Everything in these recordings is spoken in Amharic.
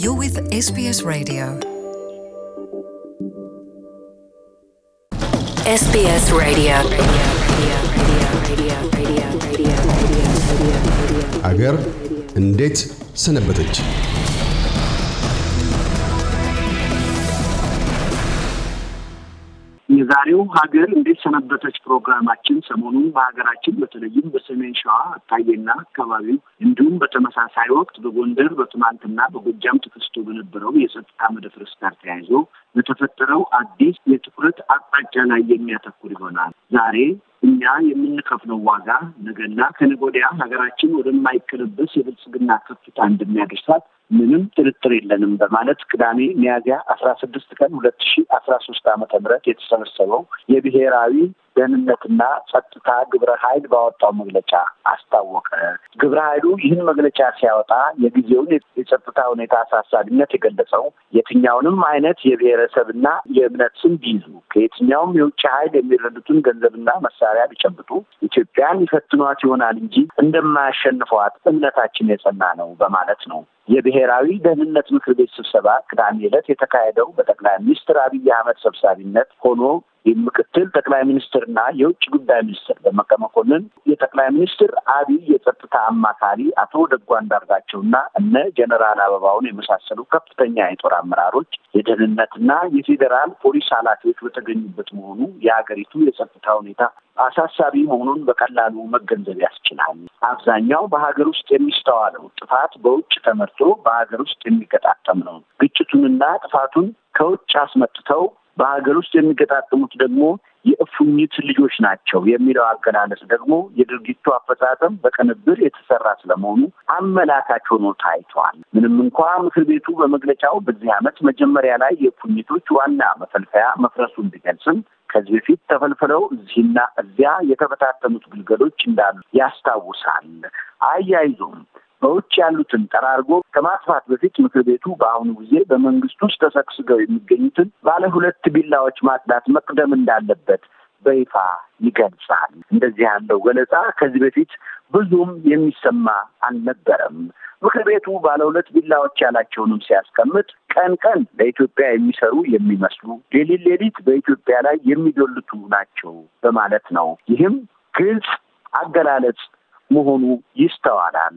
You're with SBS Radio. SBS Radio. አገር እንዴት ሰነበተች? የዛሬው ሀገር እንዴት ሰነበተች ፕሮግራማችን ሰሞኑን በሀገራችን በተለይም በሰሜን ሸዋ አታየና አካባቢው እንዲሁም በተመሳሳይ ወቅት በጎንደር በቅማንትና በጎጃም ተከስቶ በነበረው የጸጥታ መደፍረስ ጋር ተያይዞ በተፈጠረው አዲስ የትኩረት አቅጣጫ ላይ የሚያተኩር ይሆናል። ዛሬ እኛ የምንከፍለው ዋጋ ነገና ከነገ ወዲያ ሀገራችን ወደማይቀለበስ የብልጽግና ከፍታ እንደሚያደርሳት ምንም ጥርጥር የለንም በማለት ቅዳሜ ሚያዝያ አስራ ስድስት ቀን ሁለት ሺ አስራ ሶስት አመተ ምህረት የተሰበሰበው የብሔራዊ ደህንነትና ጸጥታ ግብረ ኃይል ባወጣው መግለጫ አስታወቀ። ግብረ ኃይሉ ይህን መግለጫ ሲያወጣ የጊዜውን የጸጥታ ሁኔታ አሳሳቢነት የገለጸው የትኛውንም አይነት የብሔረሰብና የእምነት ስም ቢይዙ ከየትኛውም የውጭ ኃይል የሚረዱትን ገንዘብና መሳሪያ ቢጨብጡ ኢትዮጵያን ይፈትኗት ይሆናል እንጂ እንደማያሸንፏት እምነታችን የጸና ነው በማለት ነው። የብሔራዊ ደህንነት ምክር ቤት ስብሰባ ቅዳሜ ዕለት የተካሄደው በጠቅላይ ሚኒስትር አብይ አህመድ ሰብሳቢነት ሆኖ ምክትል ጠቅላይ ሚኒስትርና የውጭ ጉዳይ ሚኒስትር ደመቀ መኮንን፣ የጠቅላይ ሚኒስትር አብይ የጸጥታ አማካሪ አቶ ደጓ አንዳርጋቸውና እነ ጀነራል አበባውን የመሳሰሉ ከፍተኛ የጦር አመራሮች፣ የደህንነትና የፌዴራል ፖሊስ ኃላፊዎች በተገኙበት መሆኑ የሀገሪቱ የጸጥታ ሁኔታ አሳሳቢ መሆኑን በቀላሉ መገንዘብ ያስችላል። አብዛኛው በሀገር ውስጥ የሚስተዋለው ጥፋት በውጭ ተመርቶ በሀገር ውስጥ የሚገጣጠም ነው። ግጭቱንና ጥፋቱን ከውጭ አስመጥተው በሀገር ውስጥ የሚገጣጠሙት ደግሞ የእፉኝት ልጆች ናቸው የሚለው አገላለጽ ደግሞ የድርጊቱ አፈጻጸም በቅንብር የተሰራ ስለመሆኑ አመላካች ሆኖ ታይቷል። ምንም እንኳ ምክር ቤቱ በመግለጫው በዚህ ዓመት መጀመሪያ ላይ የእፉኝቶች ዋና መፈልፈያ መፍረሱን ቢገልጽም ከዚህ በፊት ተፈልፍለው እዚህና እዚያ የተበታተኑት ግልገሎች እንዳሉ ያስታውሳል። አያይዞም በውጭ ያሉትን ጠራርጎ ከማጥፋት በፊት ምክር ቤቱ በአሁኑ ጊዜ በመንግስት ውስጥ ተሰግስገው የሚገኙትን ባለ ሁለት ቢላዎች ማጽዳት መቅደም እንዳለበት በይፋ ይገልጻል። እንደዚህ ያለው ገለጻ ከዚህ በፊት ብዙም የሚሰማ አልነበረም። ምክር ቤቱ ባለ ሁለት ቢላዎች ያላቸውንም ሲያስቀምጥ ቀን ቀን ለኢትዮጵያ የሚሰሩ የሚመስሉ ሌሊት ሌሊት በኢትዮጵያ ላይ የሚዶልቱ ናቸው በማለት ነው። ይህም ግልጽ አገላለጽ መሆኑ ይስተዋላል።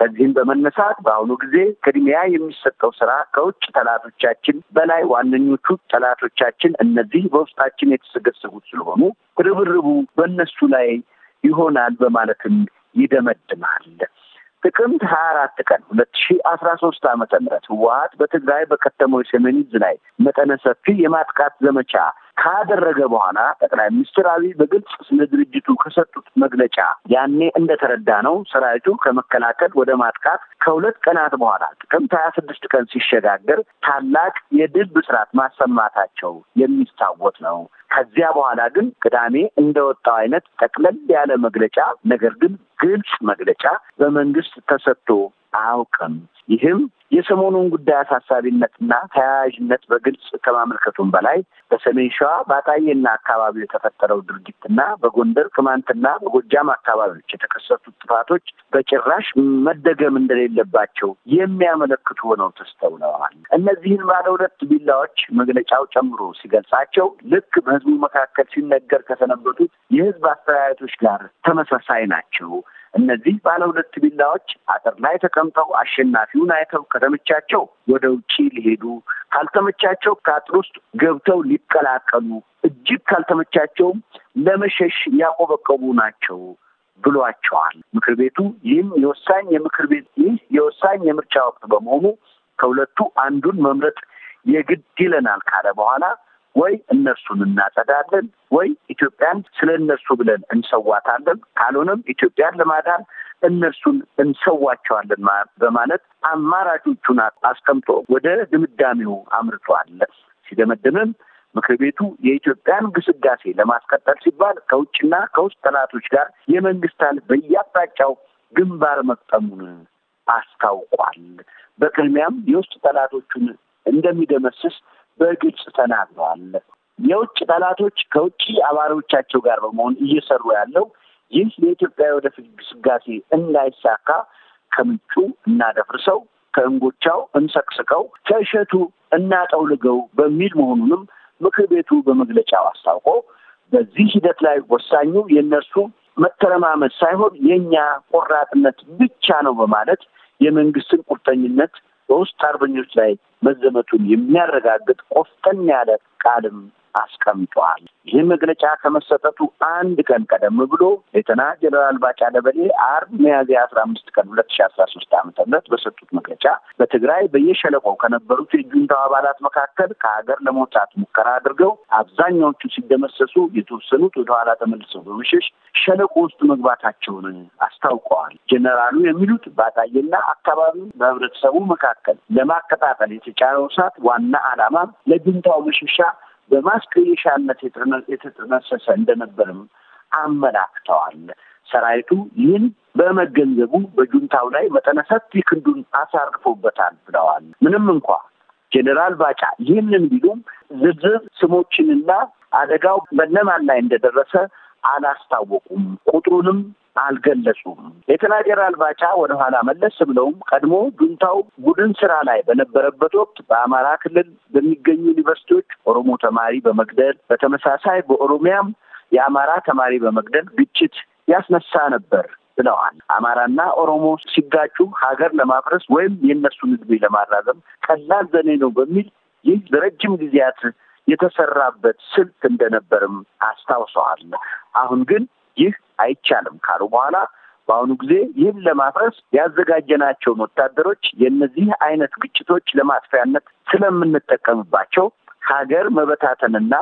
ከዚህም በመነሳት በአሁኑ ጊዜ ቅድሚያ የሚሰጠው ስራ ከውጭ ጠላቶቻችን በላይ ዋነኞቹ ጠላቶቻችን እነዚህ በውስጣችን የተሰገሰጉት ስለሆኑ ርብርቡ በእነሱ ላይ ይሆናል በማለትም ይደመድማል። ጥቅምት ሀያ አራት ቀን ሁለት ሺ አስራ ሶስት አመተ ምህረት ህወሀት በትግራይ በከተሞች ሰሜን ዕዝ ላይ መጠነ ሰፊ የማጥቃት ዘመቻ ካደረገ በኋላ ጠቅላይ ሚኒስትር አብይ በግልጽ ስለ ድርጅቱ ከሰጡት መግለጫ ያኔ እንደተረዳ ነው ሰራዊቱ ከመከላከል ወደ ማጥቃት ከሁለት ቀናት በኋላ ጥቅምት ሀያ ስድስት ቀን ሲሸጋገር ታላቅ የድል ብስራት ማሰማታቸው የሚታወት ነው። ከዚያ በኋላ ግን ቅዳሜ እንደወጣው አይነት ጠቅለል ያለ መግለጫ ነገር ግን ግልጽ መግለጫ በመንግስት ተሰጥቶ አያውቅም። ይህም የሰሞኑን ጉዳይ አሳሳቢነትና ተያያዥነት በግልጽ ከማመልከቱም በላይ በሰሜን ሸዋ በአጣዬና አካባቢው የተፈጠረው ድርጊትና በጎንደር ቅማንትና በጎጃም አካባቢዎች የተከሰቱት ጥፋቶች በጭራሽ መደገም እንደሌለባቸው የሚያመለክቱ ሆነው ተስተውለዋል። እነዚህን ባለ ሁለት ቢላዎች መግለጫው ጨምሮ ሲገልጻቸው ልክ በህዝቡ መካከል ሲነገር ከሰነበቱት የህዝብ አስተያየቶች ጋር ተመሳሳይ ናቸው። እነዚህ ባለ ሁለት ቢላዎች አጥር ላይ ተቀምጠው አሸናፊውን አይተው ከተመቻቸው ወደ ውጭ ሊሄዱ ካልተመቻቸው ከአጥር ውስጥ ገብተው ሊቀላቀሉ እጅግ ካልተመቻቸውም ለመሸሽ ያቆበቀቡ ናቸው ብሏቸዋል። ምክር ቤቱ ይህም የወሳኝ የምክር ቤት ይህ የወሳኝ የምርጫ ወቅት በመሆኑ ከሁለቱ አንዱን መምረጥ የግድ ይለናል ካለ በኋላ ወይ እነሱን እናጸዳለን፣ ወይ ኢትዮጵያን ስለ እነሱ ብለን እንሰዋታለን፣ ካልሆነም ኢትዮጵያን ለማዳን እነርሱን እንሰዋቸዋለን በማለት አማራጮቹን አስቀምጦ ወደ ድምዳሜው አምርቷል። ሲደመድምም ምክር ቤቱ የኢትዮጵያን ግስጋሴ ለማስቀጠል ሲባል ከውጭና ከውስጥ ጠላቶች ጋር የመንግስት ኃይል በየአቅጣጫው ግንባር መቅጠሙን አስታውቋል። በቅድሚያም የውስጥ ጠላቶቹን እንደሚደመስስ በግልጽ ተናግረዋል። የውጭ ጠላቶች ከውጭ አባሪዎቻቸው ጋር በመሆን እየሰሩ ያለው ይህ የኢትዮጵያ ወደፊት ግስጋሴ እንዳይሳካ ከምንጩ እናደፍርሰው፣ ከእንጎቻው እንሰቅስቀው፣ ከእሸቱ እናጠውልገው በሚል መሆኑንም ምክር ቤቱ በመግለጫው አስታውቆ በዚህ ሂደት ላይ ወሳኙ የእነርሱ መተረማመድ ሳይሆን የእኛ ቆራጥነት ብቻ ነው በማለት የመንግስትን ቁርጠኝነት በውስጥ አርበኞች ላይ መዘመቱን የሚያረጋግጥ ቆፍጠን ያለ ቃልም አስቀምጧል። ይህ መግለጫ ከመሰጠቱ አንድ ቀን ቀደም ብሎ ሌተና ጀነራል ባጫ ደበሌ አርብ ሚያዝያ አስራ አምስት ቀን ሁለት ሺ አስራ ሶስት ዓመተ ምህረት በሰጡት መግለጫ በትግራይ በየሸለቆው ከነበሩት የጁንታው አባላት መካከል ከሀገር ለመውጣት ሙከራ አድርገው አብዛኛዎቹ ሲደመሰሱ፣ የተወሰኑት ወደኋላ ተመልሰው በመሸሽ ሸለቆ ውስጥ መግባታቸውን አስታውቀዋል። ጀነራሉ የሚሉት ባጣዬና አካባቢ በህብረተሰቡ መካከል ለማቀጣጠል የተጫረው እሳት ዋና ዓላማ ለጁንታው መሸሻ በማስቀየሻነት የተጠነሰሰ እንደነበርም አመላክተዋል። ሰራዊቱ ይህን በመገንዘቡ በጁንታው ላይ መጠነ ሰፊ ክንዱን አሳርፎበታል ብለዋል። ምንም እንኳ ጄኔራል ባጫ ይህንን ቢሉም ዝርዝር ስሞችንና አደጋው በነማን ላይ እንደደረሰ አላስታወቁም። ቁጥሩንም አልገለጹም። ሌተና ጄኔራል ባጫ ወደኋላ መለስ ብለውም ቀድሞ ጁንታው ቡድን ስራ ላይ በነበረበት ወቅት በአማራ ክልል በሚገኙ ዩኒቨርሲቲዎች ኦሮሞ ተማሪ በመግደል በተመሳሳይ በኦሮሚያም የአማራ ተማሪ በመግደል ግጭት ያስነሳ ነበር ብለዋል። አማራና ኦሮሞ ሲጋጩ ሀገር ለማፍረስ ወይም የእነሱን ዕድሜ ለማራዘም ቀላል ዘኔ ነው በሚል ይህ ለረጅም ጊዜያት የተሰራበት ስልት እንደነበርም አስታውሰዋል። አሁን ግን ይህ አይቻልም ካሉ በኋላ በአሁኑ ጊዜ ይህን ለማፍረስ ያዘጋጀናቸውን ወታደሮች የእነዚህ አይነት ግጭቶች ለማጥፊያነት ስለምንጠቀምባቸው ሀገር መበታተንና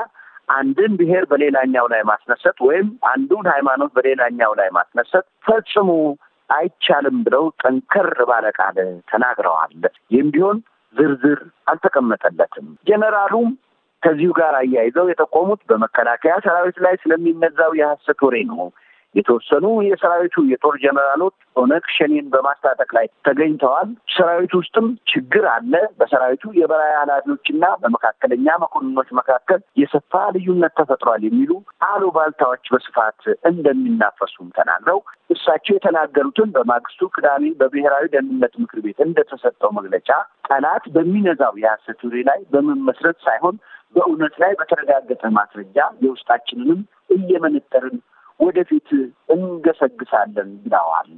አንድን ብሔር በሌላኛው ላይ ማስነሰት ወይም አንዱን ሃይማኖት በሌላኛው ላይ ማስነሰት ፈጽሞ አይቻልም ብለው ጠንከር ባለ ቃል ተናግረዋል። ይህም ቢሆን ዝርዝር አልተቀመጠለትም። ጀነራሉም ከዚሁ ጋር አያይዘው የጠቆሙት በመከላከያ ሰራዊት ላይ ስለሚነዛው የሐሰት ወሬ ነው። የተወሰኑ የሰራዊቱ የጦር ጀነራሎች ኦነግ ሸኔን በማስታጠቅ ላይ ተገኝተዋል። ሰራዊቱ ውስጥም ችግር አለ። በሰራዊቱ የበላይ ኃላፊዎችና በመካከለኛ መኮንኖች መካከል የሰፋ ልዩነት ተፈጥሯል የሚሉ አሉባልታዎች በስፋት እንደሚናፈሱም ተናግረው እሳቸው የተናገሩትን በማግስቱ ቅዳሜ በብሔራዊ ደህንነት ምክር ቤት እንደተሰጠው መግለጫ ጠላት በሚነዛው የሐሰት ላይ በመመስረት ሳይሆን በእውነት ላይ በተረጋገጠ ማስረጃ የውስጣችንንም እየመነጠርን ወደፊት እንገሰግሳለን ብለዋል።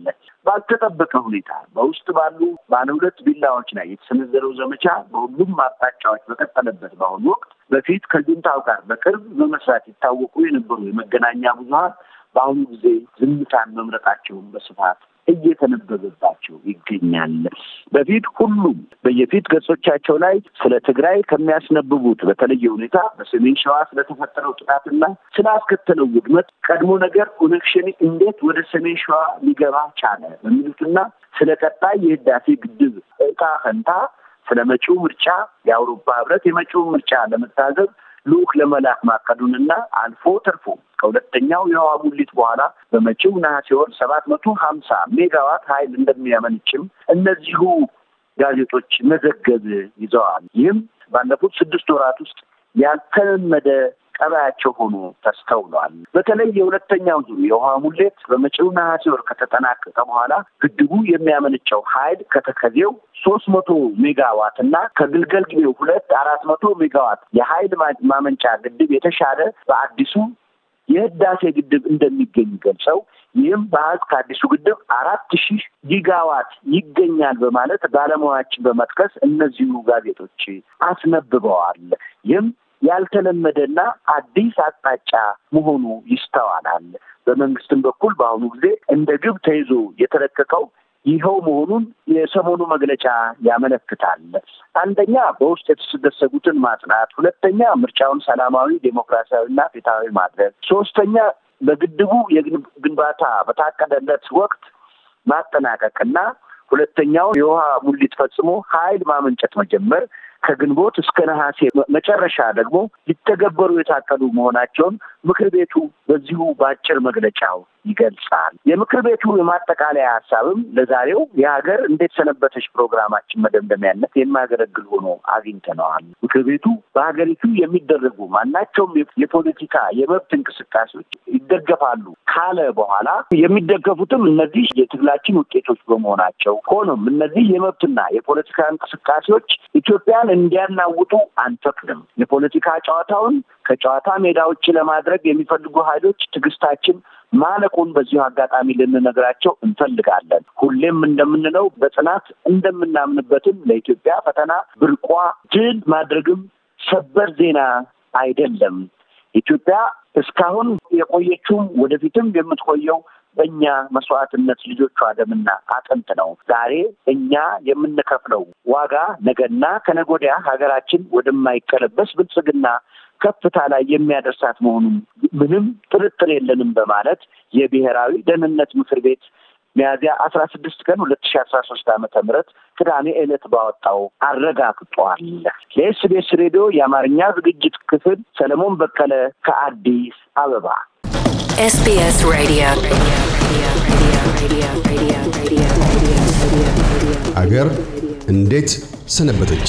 ባልተጠበቀ ሁኔታ በውስጥ ባሉ ባለ ሁለት ቢላዎች ላይ የተሰነዘረው ዘመቻ በሁሉም አቅጣጫዎች በቀጠለበት በአሁኑ ወቅት በፊት ከጁንታው ጋር በቅርብ በመስራት ይታወቁ የነበሩ የመገናኛ ብዙሀን በአሁኑ ጊዜ ዝምታን መምረጣቸውን በስፋት እየተነበበባቸው ይገኛል። በፊት ሁሉም በየፊት ገጾቻቸው ላይ ስለ ትግራይ ከሚያስነብቡት በተለየ ሁኔታ በሰሜን ሸዋ ስለተፈጠረው ጥቃትና ስላስከተለው ውድመት ቀድሞ ነገር ኦነግ ሸኔ እንዴት ወደ ሰሜን ሸዋ ሊገባ ቻለ በሚሉትና ስለ ቀጣይ የህዳሴ ግድብ እጣ ፈንታ ስለ መጪው ምርጫ የአውሮፓ ህብረት የመጪውን ምርጫ ለመታዘብ ልዑክ ለመላክ ማቀዱንና አልፎ ተርፎ ከሁለተኛው የውሃ ሙሊት በኋላ በመጪው ነሐሴ ወር ሰባት መቶ ሀምሳ ሜጋዋት ኃይል እንደሚያመንጭም እነዚሁ ጋዜጦች መዘገብ ይዘዋል። ይህም ባለፉት ስድስት ወራት ውስጥ ያልተለመደ ጠባያቸው ሆኖ ተስተውሏል። በተለይ የሁለተኛው ዙር የውሃ ሙሌት በመጪው ነሐሴ ወር ከተጠናቀቀ በኋላ ግድቡ የሚያመነጨው ኃይል ከተከዜው ሶስት መቶ ሜጋዋት እና ከግልገል ጊቤው ሁለት አራት መቶ ሜጋዋት የኃይል ማመንጫ ግድብ የተሻለ በአዲሱ የህዳሴ ግድብ እንደሚገኝ ገልጸው ይህም በአዝ ከአዲሱ ግድብ አራት ሺህ ጊጋዋት ይገኛል በማለት ባለሙያዎችን በመጥቀስ እነዚሁ ጋዜጦች አስነብበዋል። ይህም ያልተለመደና አዲስ አቅጣጫ መሆኑ ይስተዋላል። በመንግስትም በኩል በአሁኑ ጊዜ እንደ ግብ ተይዞ የተለቀቀው ይኸው መሆኑን የሰሞኑ መግለጫ ያመለክታል። አንደኛ በውስጥ የተሰገሰጉትን ማጽናት፣ ሁለተኛ ምርጫውን ሰላማዊ ዴሞክራሲያዊና ፍትሃዊ ማድረግ፣ ሶስተኛ በግድቡ የግንባታ በታቀደለት ወቅት ማጠናቀቅና ሁለተኛው የውሃ ሙሊት ፈጽሞ ኃይል ማመንጨት መጀመር ከግንቦት እስከ ነሐሴ መጨረሻ ደግሞ ሊተገበሩ የታቀዱ መሆናቸውን ምክር ቤቱ በዚሁ በአጭር መግለጫው ይገልጻል። የምክር ቤቱ የማጠቃለያ ሀሳብም ለዛሬው የሀገር እንዴት ሰነበተች ፕሮግራማችን መደምደሚያነት የማያገለግል ሆኖ አግኝተነዋል። ምክር ቤቱ በሀገሪቱ የሚደረጉ ማናቸውም የፖለቲካ የመብት እንቅስቃሴዎች ይደገፋሉ ካለ በኋላ የሚደገፉትም እነዚህ የትግላችን ውጤቶች በመሆናቸው ሆኖም እነዚህ የመብትና የፖለቲካ እንቅስቃሴዎች ኢትዮጵያን እንዲያናውጡ አንፈቅድም። የፖለቲካ ጨዋታውን ከጨዋታ ሜዳ ውጭ ለማድረግ የሚፈልጉ ኃይሎች ትዕግስታችን ማለቁን በዚሁ አጋጣሚ ልንነግራቸው እንፈልጋለን። ሁሌም እንደምንለው በጽናት እንደምናምንበትም ለኢትዮጵያ ፈተና ብርቋ ድል ማድረግም ሰበር ዜና አይደለም። ኢትዮጵያ እስካሁን የቆየችውም ወደፊትም የምትቆየው በእኛ መስዋዕትነት ልጆቿ ደምና አጥንት ነው። ዛሬ እኛ የምንከፍለው ዋጋ ነገና ከነገ ወዲያ ሀገራችን ወደማይቀለበስ ብልጽግና ከፍታ ላይ የሚያደርሳት መሆኑን ምንም ጥርጥር የለንም በማለት የብሔራዊ ደህንነት ምክር ቤት ሚያዚያ አስራ ስድስት ቀን ሁለት ሺ አስራ ሶስት አመተ ምህረት ቅዳሜ ዕለት ባወጣው አረጋግጧል። ለኤስቤስ ሬዲዮ የአማርኛ ዝግጅት ክፍል ሰለሞን በቀለ ከአዲስ አበባ። ኤስቢኤስ ሬዲዮ አገር እንዴት ሰነበተች?